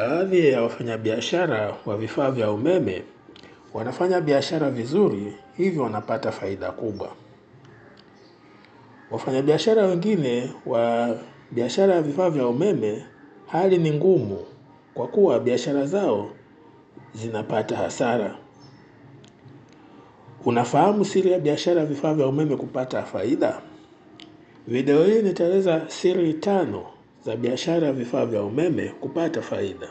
Baadhi ya wafanyabiashara wa vifaa vya umeme wanafanya biashara vizuri hivyo wanapata faida kubwa. Wafanyabiashara wengine wa biashara ya vifaa vya umeme hali ni ngumu kwa kuwa biashara zao zinapata hasara. Unafahamu siri ya biashara ya vifaa vya umeme kupata faida? Video hii nitaeleza siri tano za biashara ya vifaa vya umeme kupata faida.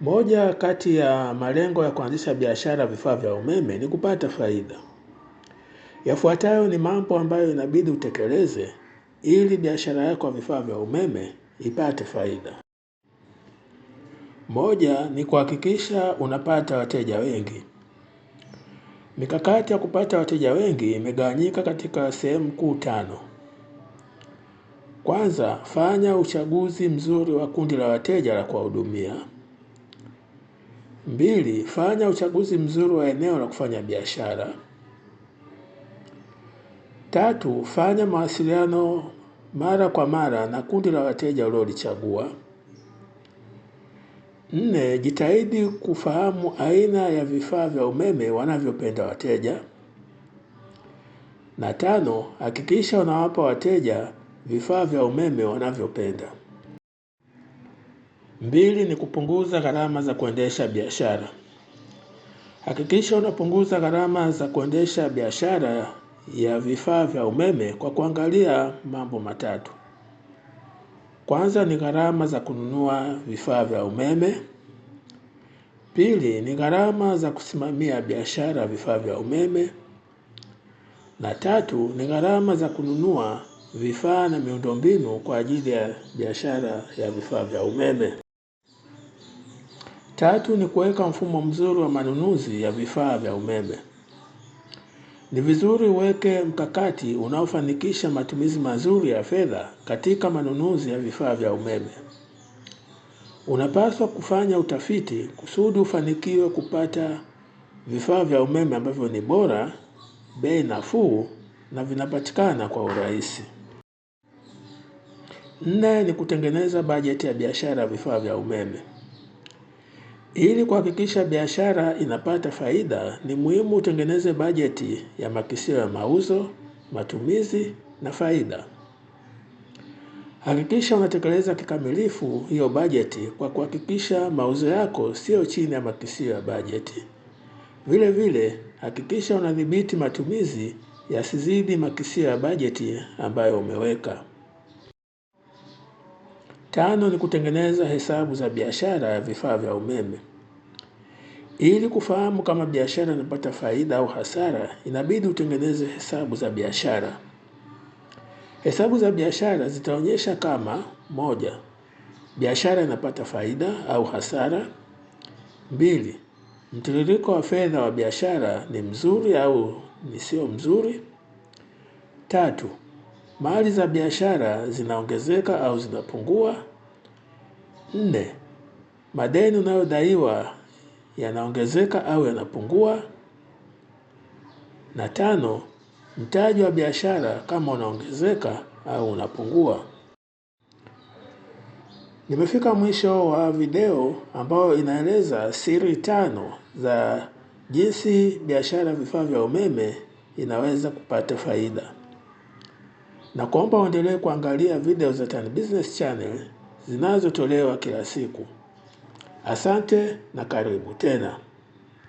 Moja kati ya malengo ya kuanzisha biashara ya vifaa vya umeme ni kupata faida. Yafuatayo ni mambo ambayo inabidi utekeleze ili biashara yako ya vifaa vya umeme ipate faida. Moja ni kuhakikisha unapata wateja wengi. Mikakati ya kupata wateja wengi imegawanyika katika sehemu kuu tano. Kwanza, fanya uchaguzi mzuri wa kundi la wateja la kuwahudumia. Mbili, fanya uchaguzi mzuri wa eneo la kufanya biashara. Tatu, fanya mawasiliano mara kwa mara na kundi la wateja uliolichagua. Nne, jitahidi kufahamu aina ya vifaa vya umeme wanavyopenda wateja. Na tano, hakikisha unawapa wateja vifaa vya umeme wanavyopenda. Mbili ni kupunguza gharama za kuendesha biashara. Hakikisha unapunguza gharama za kuendesha biashara ya vifaa vya umeme kwa kuangalia mambo matatu. Kwanza ni gharama za kununua vifaa vya umeme. Pili ni gharama za kusimamia biashara vifaa vya umeme. Na tatu ni gharama za kununua vifaa na miundombinu kwa ajili ya biashara ya vifaa vya umeme. Tatu ni kuweka mfumo mzuri wa manunuzi ya vifaa vya umeme. Ni vizuri uweke mkakati unaofanikisha matumizi mazuri ya fedha katika manunuzi ya vifaa vya umeme. Unapaswa kufanya utafiti kusudi ufanikiwe kupata vifaa vya umeme ambavyo ni bora, bei nafuu na vinapatikana kwa urahisi. Nne ni kutengeneza bajeti ya biashara ya vifaa vya umeme. Ili kuhakikisha biashara inapata faida, ni muhimu utengeneze bajeti ya makisio ya mauzo, matumizi na faida. Hakikisha unatekeleza kikamilifu hiyo bajeti kwa kuhakikisha mauzo yako sio chini ya makisio ya bajeti. Vile vile, hakikisha unadhibiti matumizi yasizidi makisio ya bajeti ambayo umeweka. Tano ni kutengeneza hesabu za biashara ya vifaa vya umeme. Ili kufahamu kama biashara inapata faida au hasara, inabidi utengeneze hesabu za biashara. Hesabu za biashara zitaonyesha kama moja, biashara inapata faida au hasara. Mbili, mtiririko wa fedha wa biashara ni mzuri au ni sio mzuri. Tatu, mali za biashara zinaongezeka au zinapungua? Nne, madeni unayodaiwa yanaongezeka au yanapungua? Na tano, mtaji wa biashara kama unaongezeka au unapungua. Nimefika mwisho wa video ambayo inaeleza siri tano za jinsi biashara vifaa vya umeme inaweza kupata faida na kuomba uendelee kuangalia video za Tan Business Channel zinazotolewa kila siku. Asante na karibu tena.